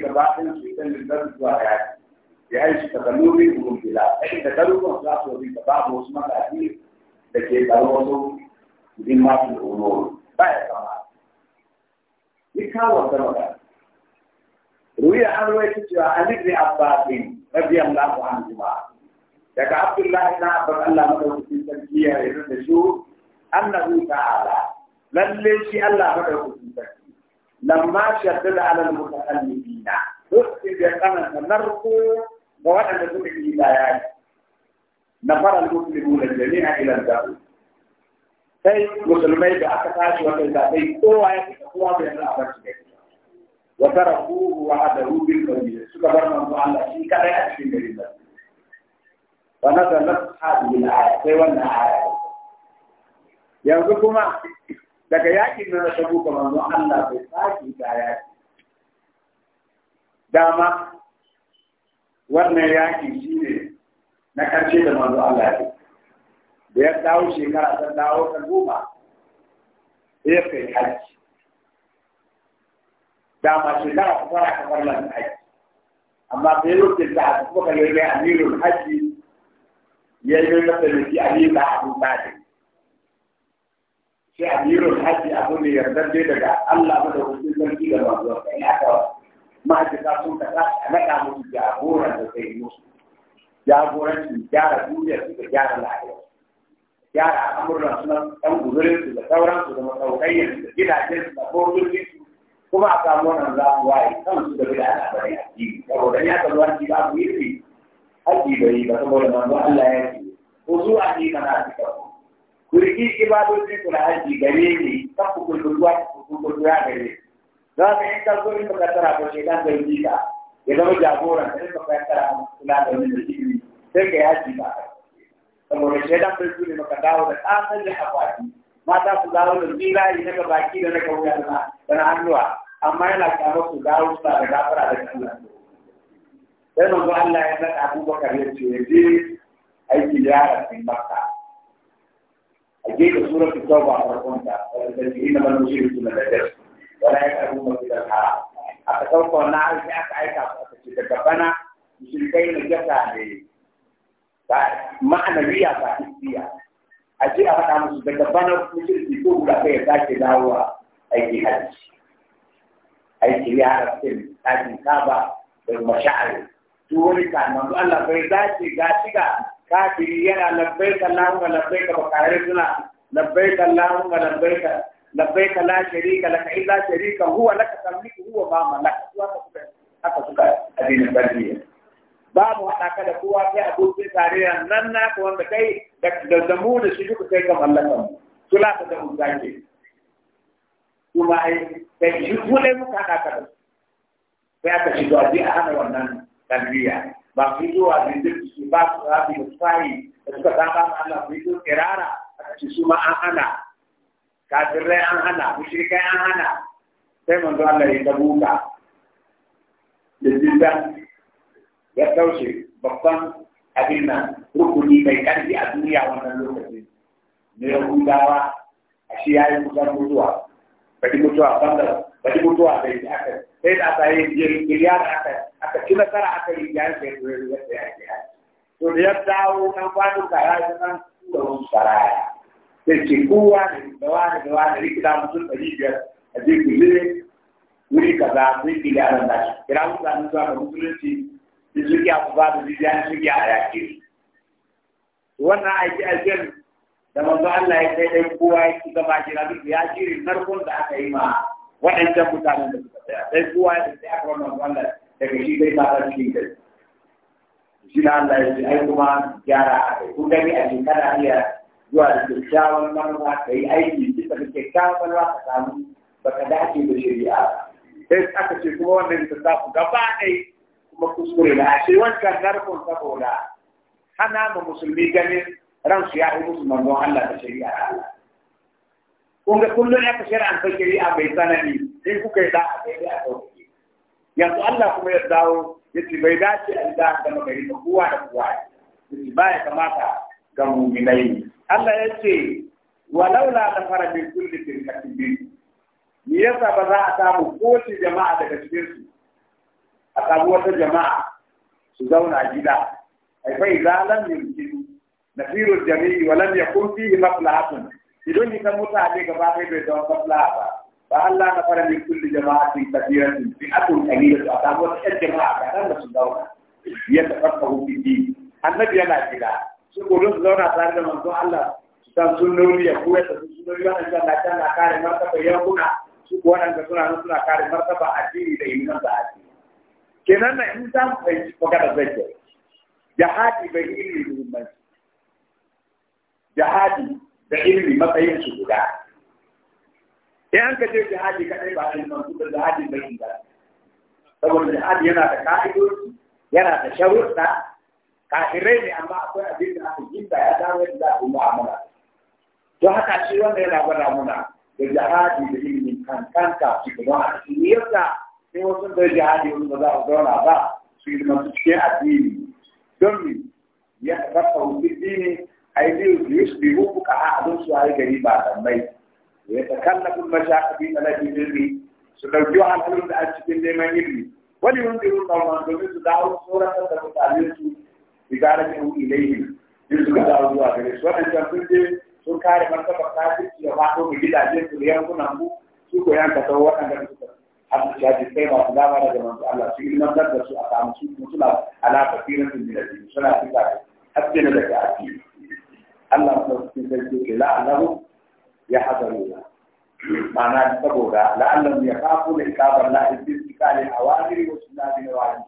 gabatin su ita zuwa yaƙi بحيث تخلوهم بالله اي تخلوهم خلاص وظيفه بعض وسمات اكيد لكي تلوثوا بما في الامور باي طبعا يكاوى الدرجه روي عن ويكتب عن ابن عباس رضي الله عنهما لك عبد الله بن عبد الله مدعو في تركيا يرد نشوف انه تعالى لن شيء الله مدعو في تركيا لما شدد على المتخلفين اكتب يقنا نرقو ga waɗanda suka yi bayani na faral muslimu na jami'a ilan zaɓe. sai musulmai da aka tashi wannan zaɓe kowa ya fita kowa bai yana a barci da ita wa tarakuhu wa adaru bil qawli suka bar manzo Allah shi kadai a cikin garin nan wa nazalat hadhihi al-aya sai wannan aya yanzu kuma daga yakin nan ta buka manzo Allah bai saki da yaki dama wannan yaƙi shi ne na ƙarshe da manzo Allah ya da ya dawo shekara ta dawo ta goma ya kai Da ma shekara ta fara kamar lan haji amma ya lokacin da a kuma kalli ne amirul haji ya yi masa da yi ba a kun bade sai amirul haji abu ne yardar daga Allah da madaukakin sarki da manzo ya kawo ma'aikata sun kasa a naɗa musu jagoran da zai musu jagoranci gyara duniya su da gyara lahiyar gyara al'amuran suna ɗan guzurin su da sauran su da yanzu da gidajen su da kokokin su kuma a samu wannan za mu waye kansu da bida al'amari a jini saboda ya kalli wani ba ku yi haƙi bai ba saboda manzo Allah ya ce ku zu a ji kana cikin ku ku riki ibadojin ku na haƙi gare ne kan ku kulkulwa ku kulkulwa gare don haka in ka zo in baka tara ko shaitan bai yi ka ya zama jagoran sai baka tara ko kula da wani ilimi sai ka yaji ba saboda shaitan bai zo ne maka dawo da tsasan da akwati mata su dawo da zirayi na baki da na kauya da na hannuwa amma yana kama su dawo suna da gafara da Allah sai mun manzo Allah ya nada Abubakar ya ce je aiki yara cikin Makka a gefe suratul Tauba a farkon ta da ina man mushriku min da jannah wala ya karu masu da hara aka ɗauka wannan aiki aka aika aka ce daga bana musulmai na gasa ne ba ma'anawiya ba isiya a ce a faɗa musu daga bana musulmi ko wula kai ya sake dawowa aiki hajji aiki ya kaba da masha'ari duk wani bai ga shiga kafiri yana labbaika Allahumma labbaika ba kare suna labbaika Allahumma labbaika labbaik la sharika laka illa sharika huwa laka tamliku huwa ma malaka su haka suka haka suka addinin tarbiyya babu haɗa ka da kowa sai abokin tarayya nan na ka wanda kai da mu da shi duka kai ka mallaka mu sula ka da mun zake kuma ai sai shi kule muka haɗa ka da sai aka shigo a a hana wannan tarbiyya ba su yi zuwa da zirki ba su rabi da fayi da suka saba ma Allah su yi kirara aka cikin su ma an hana kafirai an hana mushrikai an hana sai manzo Allah ya ta buka da jinda ya taushe babban abin nan rukuni mai karfi a duniya wannan lokacin ne ya hudawa a shi ya yi kusan mutuwa baki mutuwa bangar baki mutuwa bai yi aka sai da aka yi jirgiyar aka aka ci nasara aka yi yayin da ya yi yadda ya yi to da ya dawo nan kwanuka ya yi nan da wasu saraya sai ce kowa da wani da wani rikida mutum ɗari biyar a je ku zire wuri kaza sai ki gyara da shi kira mutanen zuwa ga musulunci da suke a kuma da bidiya suke a yaƙi wannan aiki ajiyar da manzo Allah ya kai dai kowa ya ci gaba jira duk ya shirin narkon da aka yi ma waɗancan mutanen da suka tsaya sai kowa ya tsaya aka wannan Allah daga shi dai ba ta cikin kai shi na Allah ya ce ai kuma gyara a kai kun gani a shekara iya zuwa da kyakkyawan manuwa ka yi aiki bisa da kyakkyawan manuwa ka samu baka dace da shari'a sai aka ce kuma wannan ta gaba ɗaya kuma kuskure da ashe wancan narkon saboda hana ma musulmi ganin ransu ya yi musu manzon Allah da shari'a kun ga kullum aka shari'a ta shari'a bai tsanani sai kuka yi da a daidai a yanzu Allah kuma ya dawo ya ce bai dace a da ga mai da kuwa da kuwa ba ya kamata ga muminai Allah ya ce walaula da fara min kulli firqatin bi me yasa ba za a samu kowace jama'a daga cikin su a samu wata jama'a su zauna gida ai fa ne lam yumkin nasirul jami'i wa lam yakun fihi maslahatun idan ni kan mutane gaba kai bai zama maslaha ba ba Allah na fara min kulli jama'atin kathiratin fi atun qalilatu a samu wata jama'a ga da su zauna ya tafakkaru fi annabi yana gida su gobe su zauna tare da manzo Allah su san sun nauyi ya koyar da sun nauyi wannan da Allah tana kare martaba yankuna su ko suna nan suna kare martaba addini da ilimin da addini kenan na in za mu fahimci magana zai ke jihadi bai ilimi muhimmanci jihadi da ilmi matsayin su guda in an ka je jihadi kadai ba ilimin su da jihadi bai inganta saboda jihadi yana da ka'idoji yana da sharuɗa kafirai ne amma akwai abin da aka gida ya dawo da za a mu'amala don haka shi wanda yana gwada muna da jihadi da ilimin kankanta su kuma a cikin yadda sai wasu da jihadi wani ba za a zauna ba su yi masu cikin addini don ya tabbata wuce dini a yi biyu su yi su biyu ka a abin su wari gari ba da mai ya ta kallafin mashakabi na lafi ilimi su ɗauki wahalhalun da a cikin neman ilimi wani wanda yi rukawa domin su dawo tsoratar da mutane su bigara su ilaihi in suka dawo zuwa gare su waɗancan sun je sun kare martabar kafirci da fato mu gidaje su da yankunan mu su ko yanka sau da suka hasu shaji sai ba su dama daga manzo Allah su ilmantar da su a samu su kuma suna alaƙa firin su da jini suna fita haske na daga addini Allah ta cikin sarki ke la'allahu ya hazaruna ma'ana saboda la'allahu ya kafu da ikabar la'in bi ikali awamiri wa sunna bi nawahi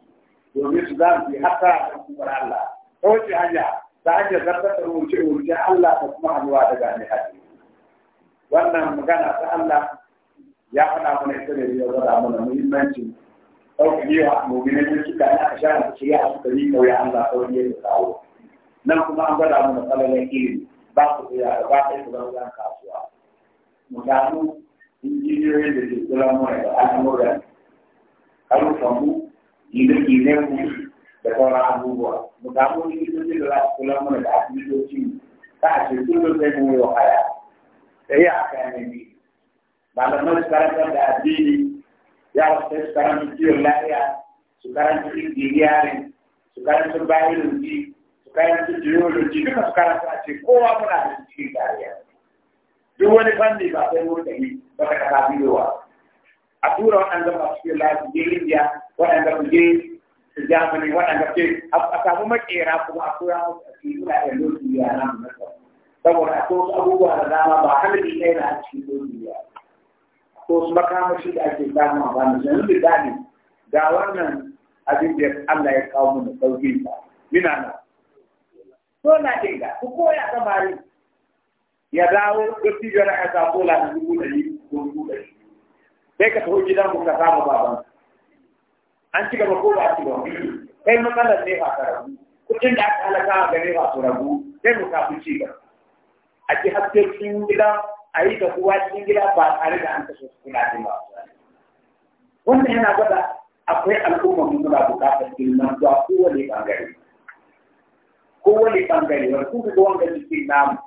domin su za su yi haka da kuma Allah ta wace hanya ta hanyar zartar wuce wuce Allah da kuma hannuwa da gane haɗi wannan magana ta Allah ya faɗa mana ita ne ya zara mana muhimmanci ɗaukakewa mummune ne suka yi aka shara su ya suka yi kauya Allah ta wani yadda tsawo nan kuma an gwada mana tsalalan ilimi ba ku tsaya da ba kai ku zama kasuwa mu samu injiniyoyin da ke kula mana da al'amuran ayyukan mu gine-ginen mu da sauran abubuwa mu samu da za da asibitoci ta a ce dole sai mu da malaman su da addini ya wasu su karanta kiwon lafiya su karanta injiniyarin su duka ce kowa muna da duk wani fanni ba sai mun tafi ba tafi a tura waɗanda masu ke lafi je India waɗanda ku je Germany waɗanda ke a samu makera kuma a tura wasu a cikin suna da lokacin ya na mu saboda akwai wasu abubuwa da dama ba halibi ɗaya na a cikin lokacin ya ko su makamashi da ake samu a bani yanzu da dani ga wannan abin da Allah ya kawo mu da sauƙi ba ina nan ko na dinga ku koya samari ya dawo da tijara ya zaɓo la da dubu ɗari ko dubu ɗari sai ka taho gidan ku ka samu baban an ci gaba ko ba ci gaba kai matsalar ne ba ka rabu kudin da aka halaka ga ne ba su rabu sai mu samu ci gaba a ci haske cikin gida a yi da kuwa cikin gida ba tare da an kashe su kuna jin ba wannan yana gwada akwai al'ummar mu suna bukatar ilmantuwa kowane bangare kowane bangare wani kuka ga wanga cikin namu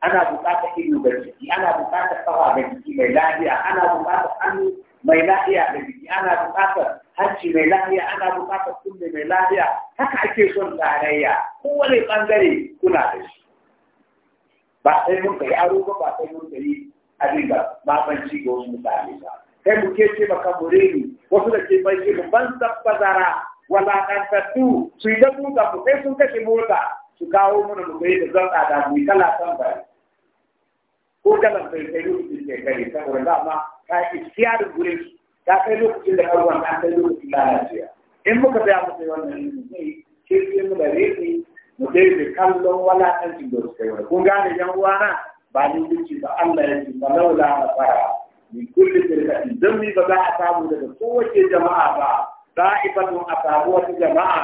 ana buƙatar ido da jiki ana buƙatar kafa da jiki mai lafiya ana buƙatar hannu mai lafiya da jiki ana buƙatar hanci mai lafiya ana buƙatar kunne mai lafiya haka ake son tarayya kowane ɓangare kuna da shi ba sai mun kai aro ba ba sai mun kai abin ba ba ban ci ga wasu mutane ba kai mu ke ce baka mureni wasu da ke bai ce ban tabbazara wala kantattu su yi da mu kai sun kashe mota su kawo mana mu kai da zan tsada mu yi kala san ko kalan bai kai lokacin da kai da ma ka iskiyarin gure shi ta kai lokacin da karuwan ta lokacin lalacewa in muka mu sai wannan ne sai mu da rede mu dai da kallon wala an ji da kai yi kun gane yan uwana ba ni duki ba Allah ya ji ba laula na fara min kulli firqatin ba za a samu daga kowace jama'a ba da'ifatun a samu wata jama'a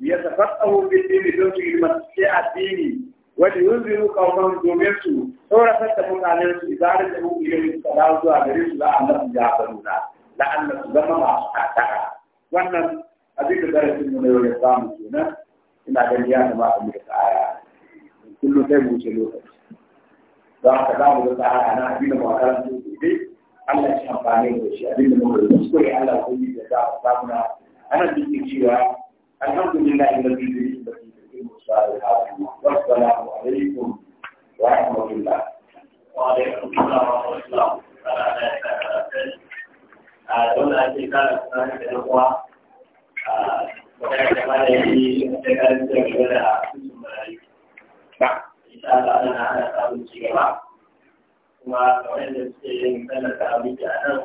ya tafaqqahu bi dini don su ilmanci addini Wani wanda yunziru kauman domin su tsoratar da mutanen su idan da mu yi su kada zuwa gare su la Allah su ya faruna la Allah su zama masu katara wannan abin da darasin mu ne yau ya samu kenan ina ganin ya kamata mu da aya Kullum sai mu lokaci za ka za mu da aya na abin da mu karanta su dai Allah ya amfane da shi abin da mu da su Allah ko yi da za ka samu na ana cikin cewa alhamdulillah illazi والصالحات والسلام عليكم ورحمة الله وعليكم السلام ورحمة الله دون أن تكون هناك أخوة وكان كما يجي تكلم تكلم نعم إن شاء الله أنا على قابل الشيخ kuma kamar da suke yin tallata abinci a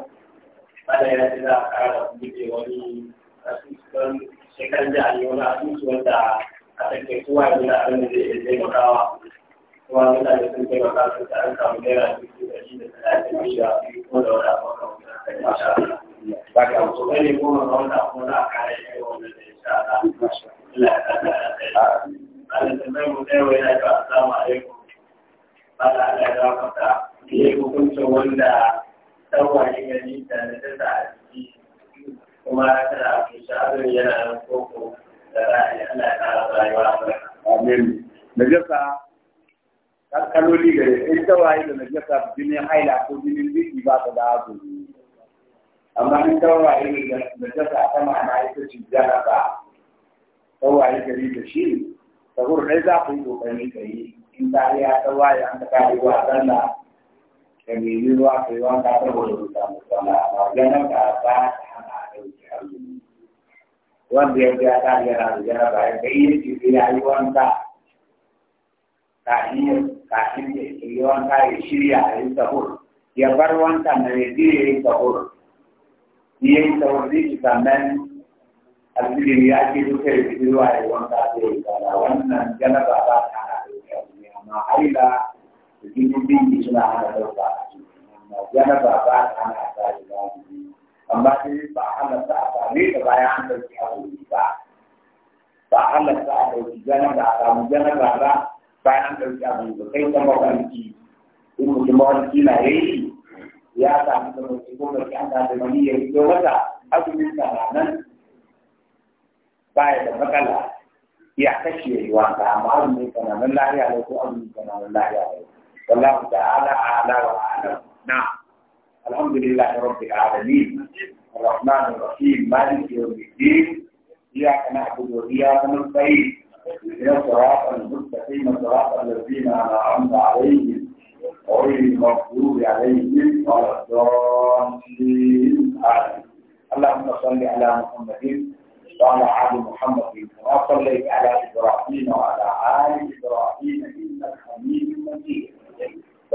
أكون في ya ce za a kara buɗe wani asusun shekaran da aliyu na asusun wanda a take kowa ya abin da zai iya taimakawa kuma mutane sun taimaka sun ta an samu naira da talatin wani abu a kare shi wanda zai sha Allah. Allah ya mu ta wanda gani na kuma tana fi sha'adun yana nan koko Amin. Najasa kaloli gare in ta waye da najasa jinin haila ko jinin biki ba ta da Amma in ta waye da najasa ta ma'ana ita ce jaraba. Ta waye gari da shi za ku yi ka yi in ta ya ta waye an ta kare wa ka nemi ruwa ka yi wanka ganin ka ba ta hana a ɗauki Wan ya gyara yana da jaraba da yi jiri ya yi wanka kafin kafin ya yi shirya a yi sahur ya bar wanka na ya je ya yi sahur zai ci sannan alfilin ya ke duka ya fi yi wanka zai yi tsada wannan jaraba ba ta hana da yi amma haila dauka a cikin ba ta hana da amma dai ba a halatta a same ta bayan an ɗauki haƙoƙi ba ba a halatta a ɗauki ganin da a samu ganin rara bayan an ɗauki haƙoƙi ba kai ta mafarki in mutum mafarki na yayi ya samu da mutum ko mafi an da ni ya fito mata azumin ta na nan Ba ya da matsala ya kashe ya yi wanka amma azumin ta na nan lahiya da ko azumin ta na nan lahiya da wallahu ta'ala a'ala wa a'lam na'am الحمد لله رب العالمين الرحمن الرحيم مالك يوم الدين إياك نعبد وإياك نستعين إلى صراط المستقيم صراط الذين أنعمت عليهم غير المغضوب عليهم ولا الضالين آمين اللهم صل على محمد وعلى آل محمد كما صليت على إبراهيم وعلى آل إبراهيم إنك حميد مجيد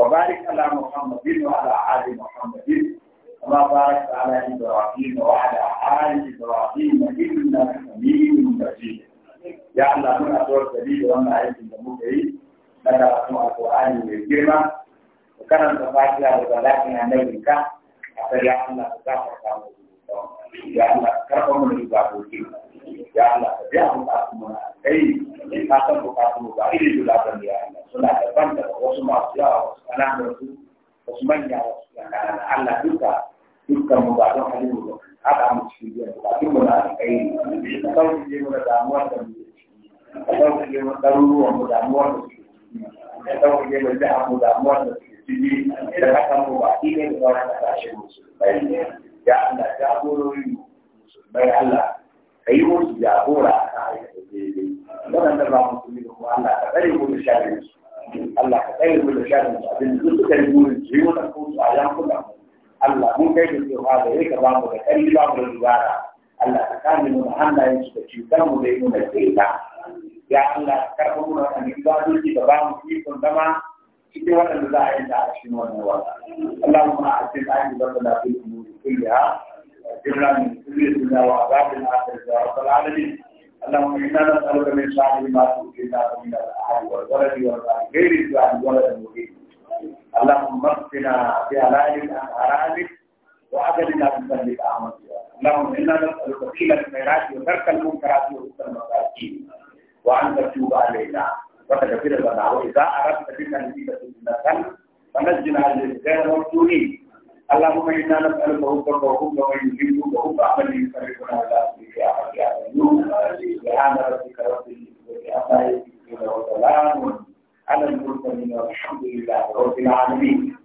وبارك على محمد وعلى آل محمد كما باركت على إبراهيم وعلى آل إبراهيم إنك حميد مجيد يا الله من أطول سبيل وما عايز من مجيد لك أسمع القرآن من الكلمة وكان الفاتحة وذلك عن ذلك أقول يا الله تكافر كامل يا الله كرم من الكافرين يا الله تبيعهم أسمعنا أي أسمعك أسمعك إلي جلال da su wasu manya wasu ka Allah duka dukkan mu ba don halin mu haɗa mu cikin biyar bukatun mu na alƙairi ka sauke je mana damuwar da mu ka sauke je mana ɗaruruwan mu damuwar da su ka sauke je mana jihar mu damuwar da su ciki da hakan mu ba ɗi ne da sauran ƙasashen musulmai ba mu da ƙarfi ba mu da dubara Allah ka kame mu da hannayen su da cutar mu da yi da kaita ya Allah ka karɓa mu da wannan ibadoji da ba mu ikon zama cikin waɗanda za a yi da a cikin wannan wata Allahumma a'tin ayi da da fi umuri kulliha جملة من كل الدنيا وعذاب الآخرة يا رب العالمين اللهم إنا نسألك من شر ما تؤتينا من الأهل والولد والمال غير الزوال ولد مبين اللهم اغفنا بحلالك عن حرامك وأجلنا في ذلك أعمال اللهم إنا نسألك قيل الميراث وترك المنكرات وحسن المساكين وأن تتوب علينا وتغفر لنا وإذا أردت بنا نتيجة جنة فنجنا للغير المرجوين اللهم إنا نسألك حبك وحبك ويجيبك وحب عمل يسرقنا إلى أهلك يا حي يا قيوم سبحان ربك رب العزة عما يصفون وسلام على المرسلين والحمد لله رب العالمين